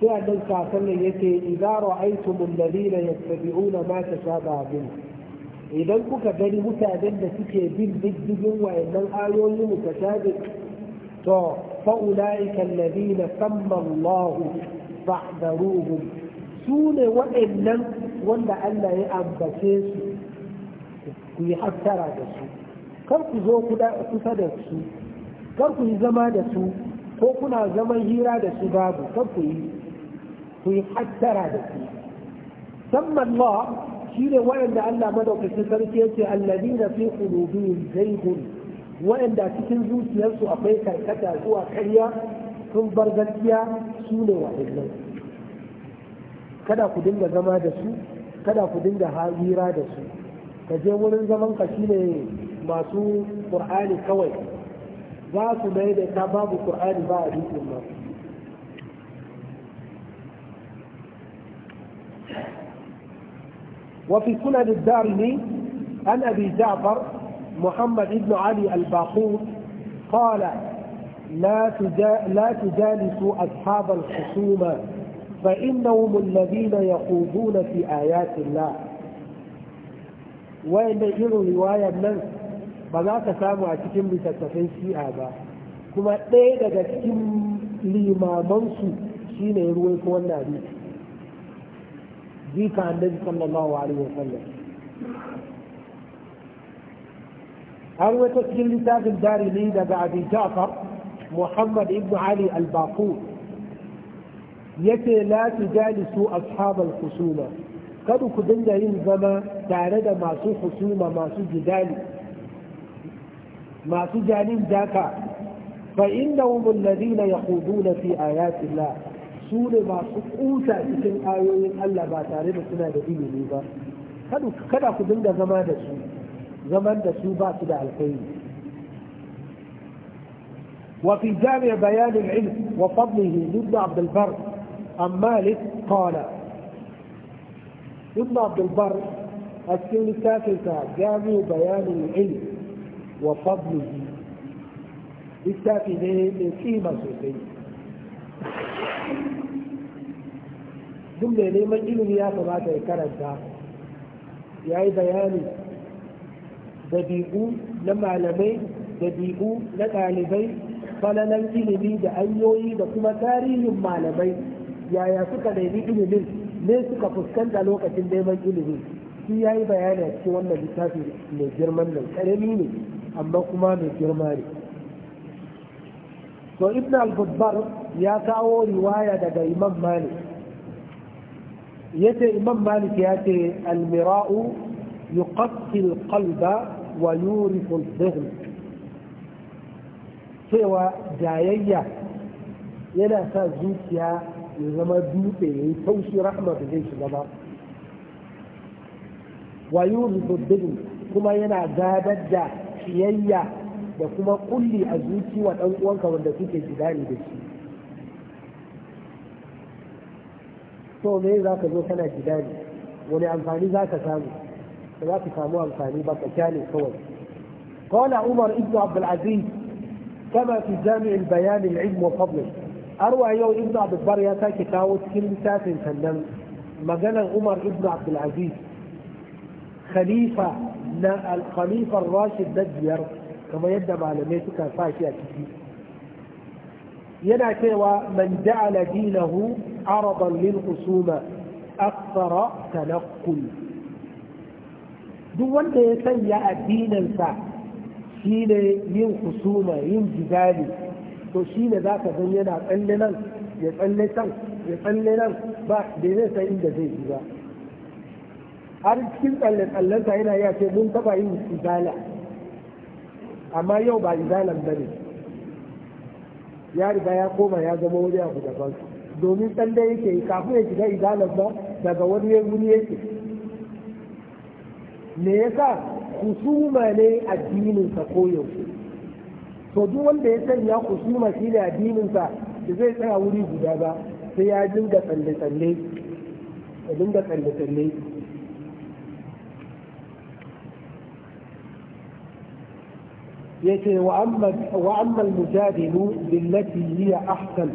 sai annabi sallallahu yake idza ra'aytum alladhina yattabi'una ma tashabaha min idan kuka gani mutanen da suke bin diddigin wayannan ayoyi mutashabi to fa ulaika alladhina samma Allah fahdaruhum su ne waɗannan wanda Allah ya ambace su ku yi hattara da su kar ku zo kusa da su kar ku yi zama da su ko kuna zaman hira da su babu kar ku yi ku yi hattara da su samman ma shi ne wayanda Allah madaukakin sarki yake alladina fi zai zaygun wayanda cikin zuciyarsu akwai karkata zuwa karya sun bar gaskiya su ne wa'annan kada ku dinga zama da su kada ku dinga hira da su ka je wurin zaman ka shine masu qur'ani kawai za su mai da ta babu ƙur'ani ba a jikin ba وفي سنن الدارمي عن ابي جعفر محمد بن علي الباقور قال لا لا تجالسوا اصحاب الخصومه فانهم الذين يخوضون في ايات الله وان يجروا روايه الناس ba za ka samu a cikin littattafai shi'a ba kuma ɗaya daga cikin limamansu shi ne ruwai ko wanda wannan hadisi jika annabi sallallahu alaihi wasallam an wata cikin littafin darimi daga abin ja'far muhammad ibn ali al-baqur yace la tujalisu ashabal khusuma kada ku dinga yin zama tare da masu husuma masu jidali ما تجانين ذاك فإنهم الذين يخوضون في آيات الله سورة ما سقوطا cikin ayoyin Allah ba tare da suna da ilimi ba kada ku dinga zama da su zaman da su ba su da alkhairi وفي جامع بيان العلم وفضله لابن عبد البر عن مالك قال ابن عبد البر السنة الثالثة جامع بيان العلم wa fadlihi littafi ne mai kima sosai duk mai neman ilimi ya kamata ya karanta ya yi bayani dabi'u na malamai dabi'u na ɗalibai falalan ilimi da hanyoyi da kuma tarihin malamai yaya suka daidai ilimin ne suka fuskanta lokacin neman ilimi shi ya yi bayani a cikin wannan littafi mai girman nan ƙarami ne amma kuma mai girma ne to ibn al-babbar ya kawo riwaya daga imam malik yace imam malik ya ce al-mira'u yuqatti al-qalba wa yurifu al-dhihr cewa jayayya yana sa zuciya ya zama dutse ya yi taushi rahama da zai shiga ba wa yurifu al-dhihr kuma yana gadar da siyayya da kuma kulli a zuci wa ɗan uwanka wanda kuke jidani da shi to me za ka zo kana jidani wani amfani za ka samu ba za ka samu amfani ba ka ne kawai قال عمر ibn عبد العزيز كما في جامع البيان العلم وفضله أروى يوم ابن عبد البر ياتاكي تاوت كلمة سنن مجانا عمر بن عبد العزيز خليفة na alkhalifar rashid na biyar kamar yadda malamai suka sa shi a ciki yana cewa man ja'ala dinahu araban lil husuma akthara tanaqqul duk wanda ya sanya addinansa shine yin husuma yin jidali to shine zaka san yana tsalle nan ya tsalle ya nan ba da zai san inda zai yi ba har cikin tsalle-tsallensa yana iya ce mun taba yin izala amma yau ba izalan ba ya riga ya koma ya zama wani abu daban domin tsalle yake kafin ya shiga izalan ba daga wani ya yake me yasa kusuma ne addininsa ko yaushe to duk wanda ya sanya kusuma shi ne addininsa da zai tsaya wuri guda ba sai ya dinga tsalle-tsalle ya dinga tsalle-tsalle يتي وأما, وأما المجادل ni هي أحسن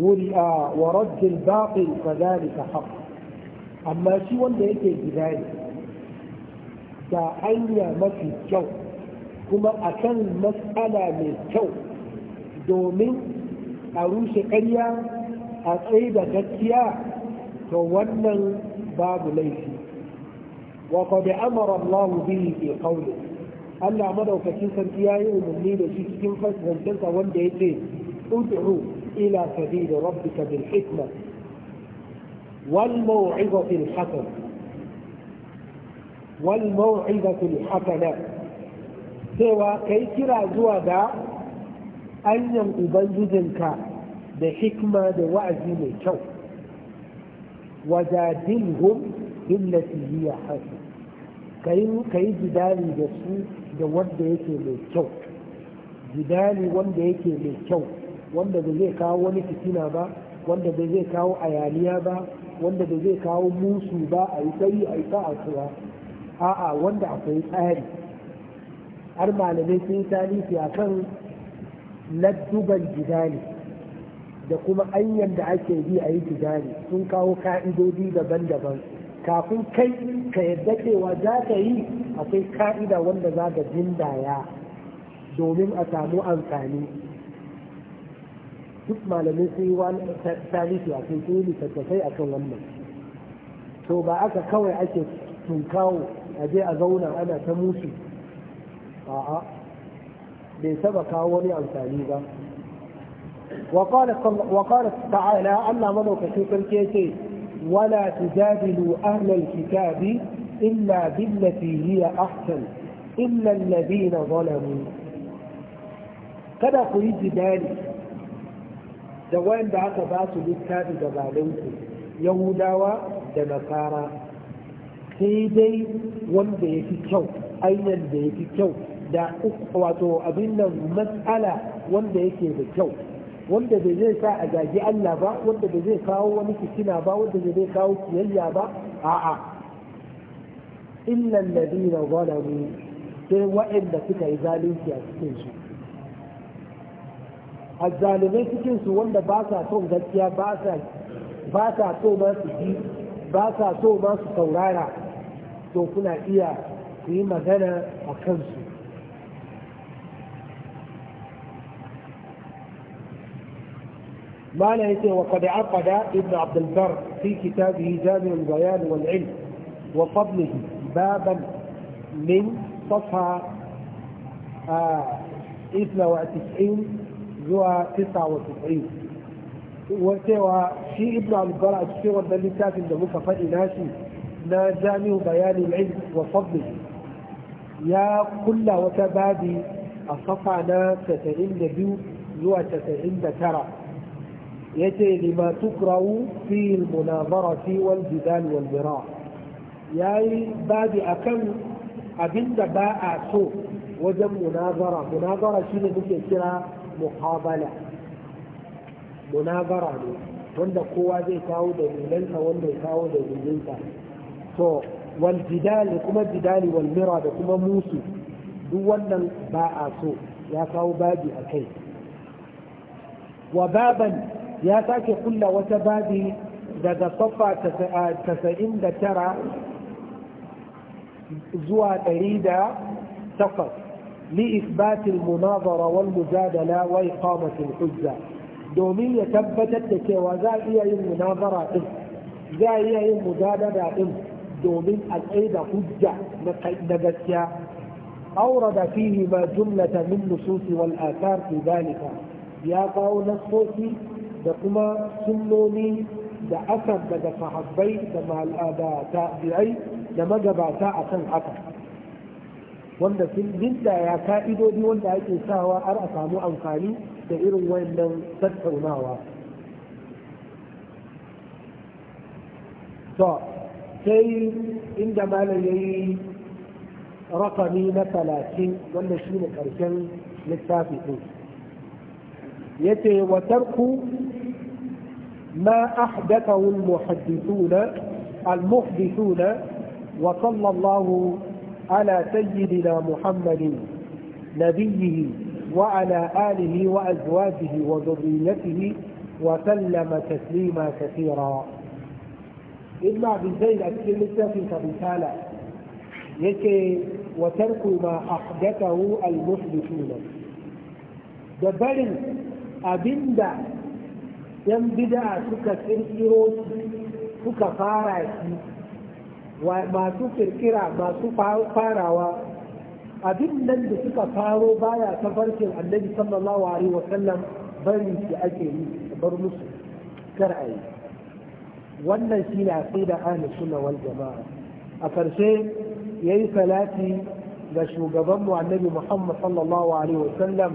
wuri a ورد الباطل فذلك حق amma shi wanda yake gida ne da anya mafi kyau kuma a kan matsala mai kyau domin a rushe ƙarya a tsaye da gaskiya to wannan babu laifi wa qad amara Allahu bihi fi Allah madaukakin sarki ya yi umarni da shi cikin fasrancinsa wanda ya ce ud'u ila sabili rabbika bil hikma wal maw'izati al hasana wal maw'izati al hasana cewa kai kira zuwa da anyan ubangijinka da hikma da wa'azi mai kyau wajadilhum billati hiya hasan kai kai jidali da su da wanda yake mai kyau jidali wanda yake mai kyau wanda ba zai kawo wani fitina ba wanda ba zai kawo ayaniya ba wanda ba zai kawo musu ba a yi tsayi a yi sa'a a'a wanda akwai tsari har malamai sun yi tarihi a kan ladduban jidali da kuma anyan da ake bi a yi jidali sun kawo ka'idodi daban-daban kafin kai ka yadda cewa za ka yi akwai ka'ida wanda za ka jindaya domin a samu amfani duk malamin sun yi wani tarihi a sun yi tattafai a kan wannan to ba aka kawai ake tunkawo a je a zauna ana ta musu a'a bai saba kawo wani amfani ba وقال تعالى أن ملوك شكر كيتي ولا تجادلوا أهل الكتاب إلا بالتي هي أحسن إلا الذين ظلموا كذا قوي جداني دوان دعا تباتوا للكتاب دبالوك يهوداوا دمكارا سيدي وان بيكي كو أين بيكي كو دا أخواتو أبنا مسألة وان بيكي كو wanda bai zai sa a gaji Allah ba wanda bai zai kawo wani fitina ba wanda bai zai kawo kiyayya ba a'a illa gwada zalamu sai wa'anda suka yi zalunci a cikin su azzalimai cikin su wanda ba sa son gaskiya ba sa ba sa so ma su ji ba sa so ma su saurara to kuna iya su yi magana a kansu قال إيه؟ وقد عقد ابن عبد البر في كتابه جامع البيان والعلم وفضله بابا من صفحة آه، اثنى وتسعين جوا تسعة وتسعين وسوى في ابن عبد البر الشيخ الذي كان من مكفى ناشي نازامي بيان العلم وفضله يا كل وتبادي الصفحة ناس تتعين به جوا تتعين ترى Ya yace lima tukrahu fi al-munazarati wal jidal wal bira yi babi akan abinda ba a so wajen munazara munazara shi shine muke kira muqabala munazara ne wanda kowa zai kawo da dalilansa wanda ya kawo da dalilinsa to wal jidal kuma jidali wal mira da kuma musu duk wannan ba a so ya kawo babi akai wa baban ya sake kulla wata babi daga safa 99 zuwa 108 wal mujadala والمجادلة وإقامة hujja domin ya tabbatar da cewa za a iya yin munazara din za a iya yin mujadala din domin a tsaida hujja na gaskiya aurada fihi ma jumlata min nususi wal athar fi dalika ya kawo nasosi da kuma sunnoni da asar daga sahabbai da ah, ta biyai da magabata a kan haka wanda sun jinda ya ka'idodi wanda ake sawa har a samu amfani da irin wannan tattaunawa to sai inda malam ya yi rakami na talatin wanda shi ne ƙarshen littafi ɗin ya ce wa tarku ما أحدثه المحدثون المحدثون وصلى الله على سيدنا محمد نبيه وعلى آله وأزواجه وذريته وسلم تسليما كثيرا إما بزيد الزين أتكلم في رسالة يكي وترك ما أحدثه المحدثون دبر أبندا yan bid'a suka kirkiro suka fara shi masu kirkira masu farawa abin nan da suka faro baya ta farkin annabi sallallahu alaihi wa sallam, bari shi ake yi bar musu kar a yi wannan shi ne aqida ahli sunna wal jama'a a karshe yayi salati ga shugaban mu annabi muhammad sallallahu alaihi wa sallam,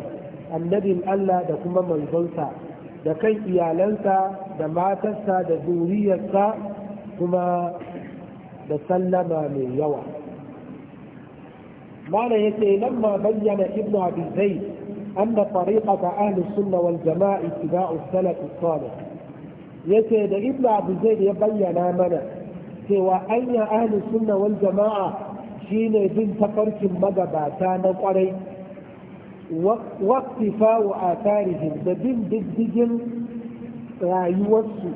annabin Allah da kuma manzonsa da kan iyalansa da matarsa da zuriyarsa kuma da sallama mai yawa mana ya ce nan ma bayyana ibn abi zaid anna tariqata ahli sunna wal jama'i ittiba'u salaf salih yace da ibn abi zaid ya bayyana mana cewa anya ahli sunna wal jama'a shine bin tafarkin magabata na kwarai waktifa wa tarihin da bin diddigin rayuwarsu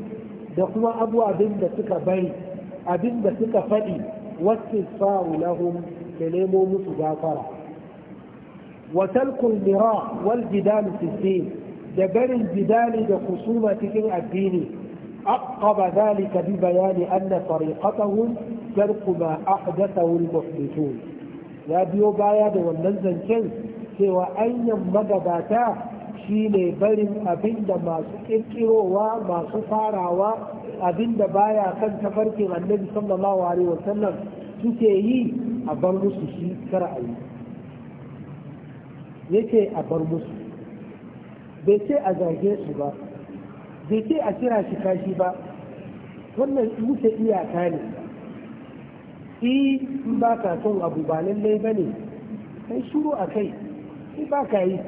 da kuma abubuwan da suka bari abin da suka faɗi wastighfaru lahum da nemo musu gafara Watal Kulmira, wal gidan fi da barin gidani da kusuma cikin addini aqaba zalika bi bayani anna tariqatahum tarku ma ahdathahu al muhdithun ya biyo baya da wannan zancen cewa anyan magabata shi ne barin abin da masu ƙirƙirowa masu farawa abin da baya kan tafarkin annabi sallallahu alaihi wasallam suke yi a bar musu shi kar'ayi yake a bar musu bai ce a zage su ba bai ce a kira shi kashi ba wannan wuce iyaka ne eh, in ba ka son abu ba lallai ba ne kai shuru a kai shi ba ka yi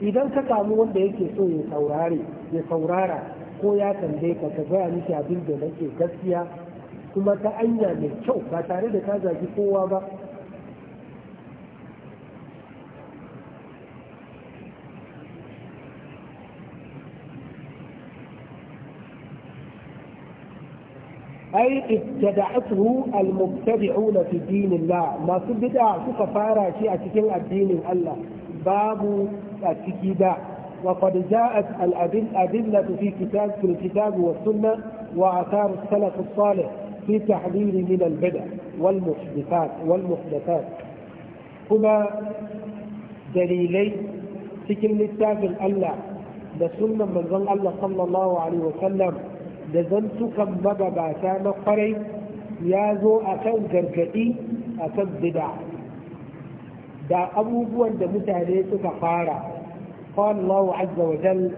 idan ka samu wanda yake so ya saurare ya saurara ko ya tambaye ka ka gaya miki abin da nake gaskiya kuma ta hanya mai kyau ba tare da ka zagi kowa ba أي ابتدعته المبتدعون في دين الله ما سبدع سكفارة شيء أتكين الدين الله باب التكيداء وقد جاءت الأدلة في كتاب في الكتاب والسنة وآثار السلف الصالح في تحذير من البدع والمحدثات والمحدثات هما دليلين في كل التاب الله ده سنة من الله صلى الله عليه وسلم da zantukan magabata na kwarai ya zo a kan gargaɗi a kan bida da abubuwan da mutane suka fara قال الله عز وجل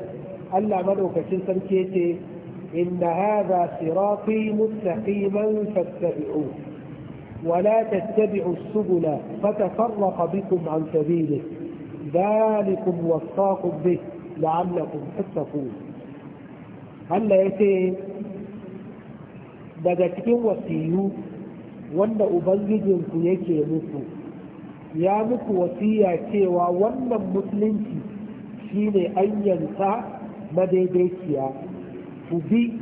ألا ملوك تلك كيتي إن هذا صراطي مستقيما فاتبعوه ولا تتبعوا السبل فتفرق بكم عن سبيله ذلكم وصاكم به لعلكم تتقون Allah ya ce daga cikin wasiyu wanda ubangijinku yake muku ya muku wasiya cewa wannan musulunci shine ayyanta madaidaiciya ku bi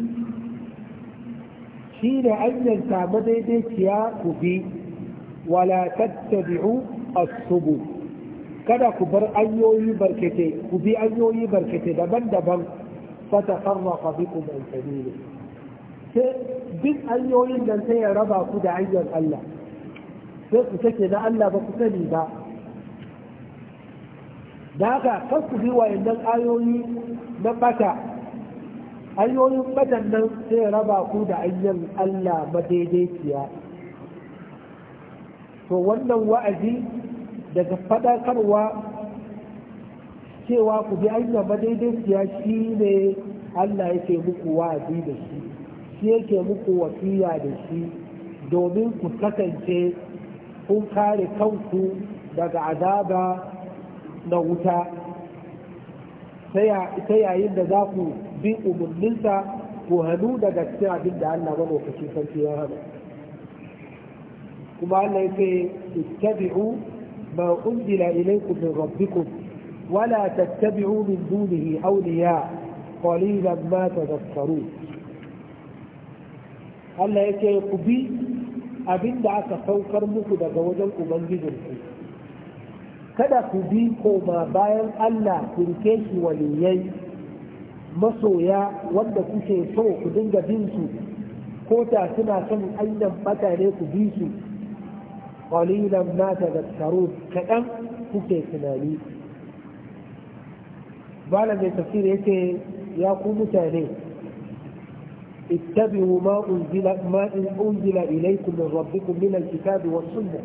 ne ayyanta madaidaiciya ku bi wala tattabi'u as kada ku bar barkete ku bi anyoyi barkete daban-daban فتفرق بكم عن سبيله sai duk hanyoyin nan sai ya raba ku da hanyar Allah sai ku take na Allah ba ku sani ba da haka kan ku bi wayannan ayoyi na bata ayoyin batan nan sai ya raba ku da hanyar Allah madaidaiciya to wannan wa'azi daga fadakarwa cewa ku bi daidai siya shi ne Allah yake muku wa'azi da shi shi yake muku wasiya da shi domin ku kasance kun kare kanku daga azaba na wuta ta yayin da za ku bi umarninsa ku hannu daga cikin abin da Allah lokacin sarki ya hana kuma Allah yake ittabi'u ma unzila ilaykum min rabbikum ولا تتبعوا من دونه أولياء قليلا ما تذكرون Allah ya ce ku bi abin da aka saukar muku daga wajen Ubangijinku, kada ku bi koma bayan Allah ku rike shi waliyai masoya wanda kuke so ku dinga bin su ko ta suna son anyan bata ku bi su qalilan ma tadhakkarun kaɗan kuke tunani Balam mai tafsiri ya ce ya ku mutane ittabi'u ma unzila ma unzila ilaykum min rabbikum min alkitabi was sunnah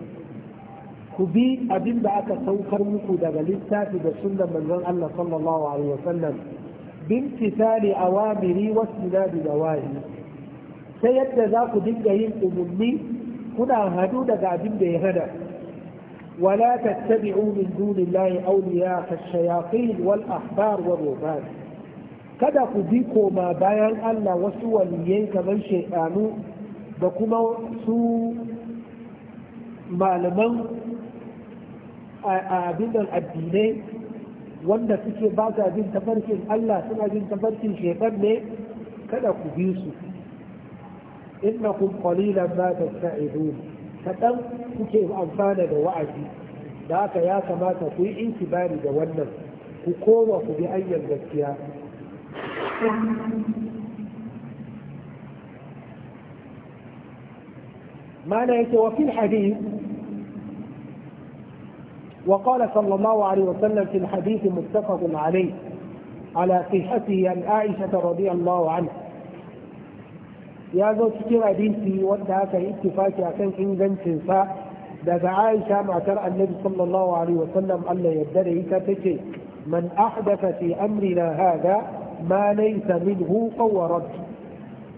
ku bi abin da aka saukar muku daga littafi da sunna manzon Allah sallallahu alaihi wasallam bin kitali awamiri was sunadi dawahi sai yadda za ku dinga yin umumni kuna hadu daga abin da ya hada ولا تتبعوا من دون الله أولياء كالشياطين والأحبار والرهبان kada ku bi koma bayan Allah wasu waliyai kamar shaidanu da kuma su malaman abin addinai wanda suke ba sa jin tafarkin Allah suna jin tafarkin shaitan ne kada ku bi su innakum qalilan ma tasta'idun kadan kuke amfana da wa'azi da haka ya kamata ku yi intibari da wannan ku koma ku bi hanyar gaskiya mana yake wa fil hadith وقال صلى الله عليه وسلم في الحديث متفق عليه على صحته عن عائشة رضي الله عنها ya zo cikin hadisi wanda aka yi ittifaki akan ingancinsa daga Aisha matar Annabi sallallahu alaihi wasallam Allah yadda da ita ce, man ahdatha fi amrina hada ma laysa minhu fa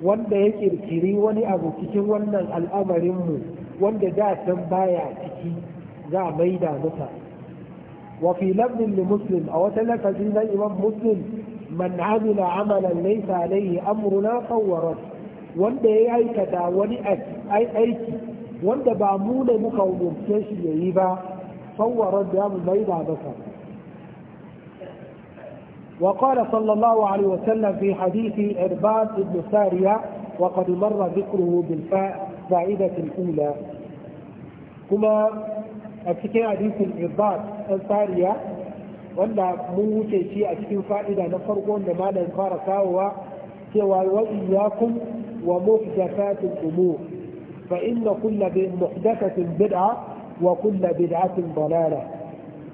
wanda ya kirkiri wani abu cikin wannan al'amarin mu wanda da can baya ciki za a maida masa wa fi lafzin li muslim a wata lafazin na imam muslim man amila amalan laysa alaihi amruna fa wanda ya aikata wani aiki wanda ba mu ne muka umarce shi ya yi ba sauwarar damu mu mai da baka wa qala sallallahu alaihi wa sallam fi hadithi irbad ibn sariya wa qad marra dhikruhu bil fa'idati al-ula kuma a cikin hadithin irbad ibn sariya wanda mun wuce ci a cikin fa'ida na farko da malam fara kawowa cewa wa iyyakum ومحدثات الأمور فإن كل محدثة بدعة وكل بدعة ضلالة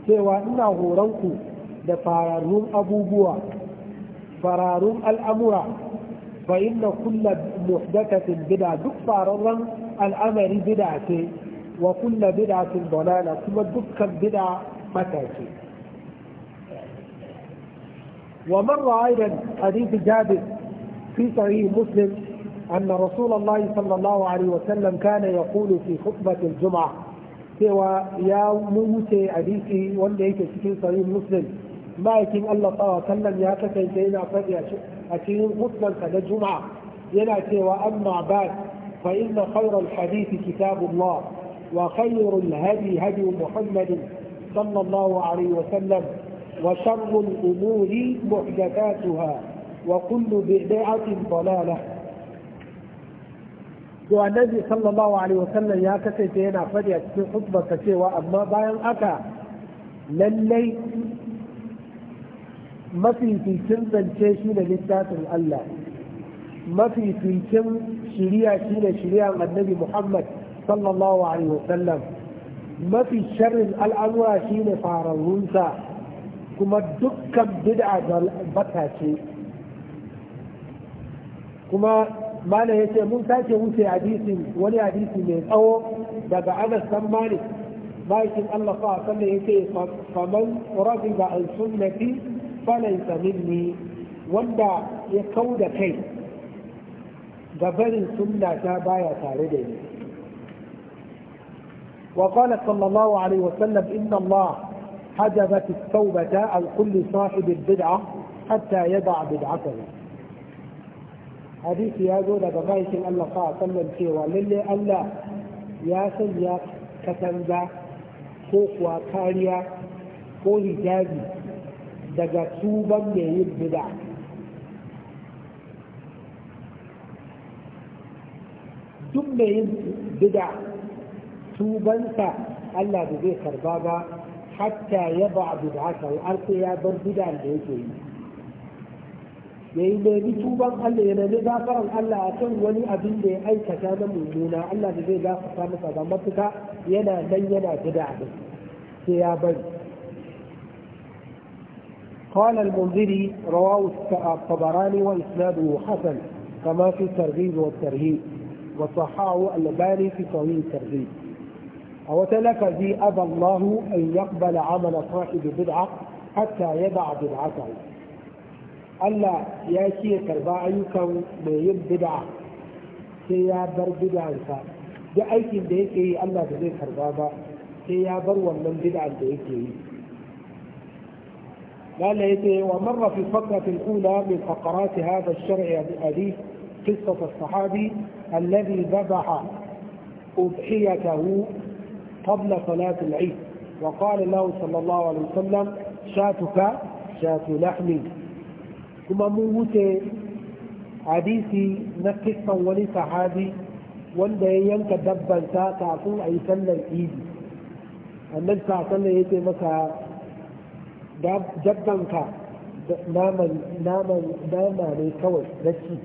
سوى إنه رنك لفرارون أبو بوا فرارون الأمر فإن كل محدثة بدعة دك فرارا الأمر بدعة وكل بدعة ضلالة ثم دك بدعة متاكي ومر أيضا حديث جابر في صحيح مسلم أن رسول الله صلى الله عليه وسلم كان يقول في خطبة الجمعة سوى يا موسى اديسي وليك شكل صغير مسلم ما يكن الله صلى الله عليه وسلم يا كتب سيدنا فدي اشين خطبه ك ا ينا سوى اما بعد فإن خير الحديث كتاب الله وخير الهدي هدي محمد صلى الله عليه وسلم وشر الأمور محدثاتها وكل ب ضلاله to annabi sallallahu alaihi wasallam ya kasance yana faɗi a cikin hutbarsa cewa amma bayan aka lallai mafificin zance shi da littafin Allah mafificin shiriya shi da shiriyar annabi Muhammad sallallahu alaihi wasallam mafi sharrin al'amura shi ne fararrunsa kuma dukkan bid'a bata ce kuma مالا يسي من تاتي وسي حديثي ولي حديثي من او دقى انس بن مالك ما يسي الله صلى الله عليه وسلم فمن رغب عن سنتي فليس مني وندا يكود كي دبرن سنة بايا تاردين وقال صلى الله عليه وسلم ان الله حجبت التوبة عن كل صاحب البدعة حتى يضع بدعته hadisi ya zo daga bayan Allah fa sallan cewa lalle Allah ya sanya katanga ko kuwa kariya ko hijabi daga tuban da yin bida duk da yin bida tubansa Allah da zai karba ba hatta ya ba a bida haka ya bar bida da yake yi ya yi nemi tuban Allah ya nemi gafaran Allah a kan wani abin da ya aikata na mummuna Allah da zai gafarta masa ba mafita yana nan yana gida abin sai ya bari قال المنذري رواه الطبراني وإسناده حسن كما في الترغيب والترهيب وصححه الألباني في صحيح الترغيب أو تلفذي أبى الله أن يقبل عمل صاحب بدعة حتى يدع بدعته Allah ya ce ya karba ayyukan mai yin bid'a sai ya bar bid'ansa da aikin da yake yi Allah da zai karba ba sai ya bar wannan bid'an da yake yi قال ومر في الفقرة الأولى من فقرات هذا الشرع الحديث قصة الصحابي الذي ذبح أضحيته قبل صلاة العيد وقال له صلى الله عليه وسلم شاتك شات لحمي kuma mun wuce hadisi na kisan wani sahabi wanda ya yanka dabbansa kafin a yi sallar idi annan sallar ya ce masa dabbanka nama ne kawai na ci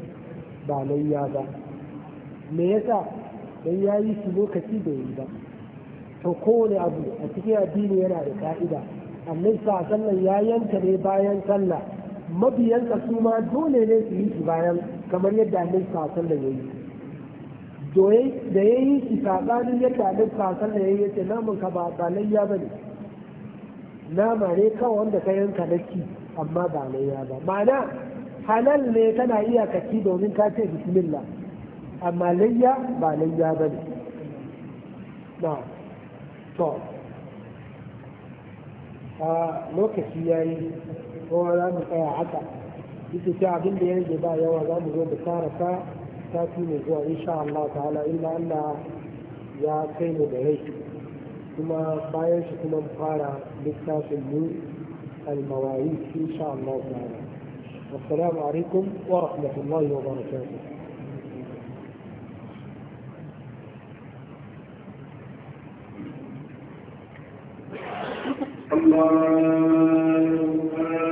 ba layya ba me yasa don ya yi shi lokaci da yi ba to kowane abu a cikin addini yana da ka'ida annan sallar ya yanka ne bayan sallah mabiyansa su ma dole ne su yi shi bayan kamar yadda annabi sasan da yayi doye da yayi shi sasanin yadda annabi sasan da yayi yace namun ka ba tsalayya bane nama ne kawai wanda ka yanka ci amma ba layya ba ma'ana halal ne kana iya kaci domin ka ce bismillah amma layya ba layya bane na to lokaci ah, lokaci yayi هو لا مكايا عدا يتساعد من بيان جدا يوه لا مجوم بسارة تاتي مجوع إن شاء الله تعالى إلا أن يا كين بهيك ثم بايش كما مقارا بكتاس النور المواعيد إن شاء الله تعالى السلام عليكم ورحمة الله وبركاته Allah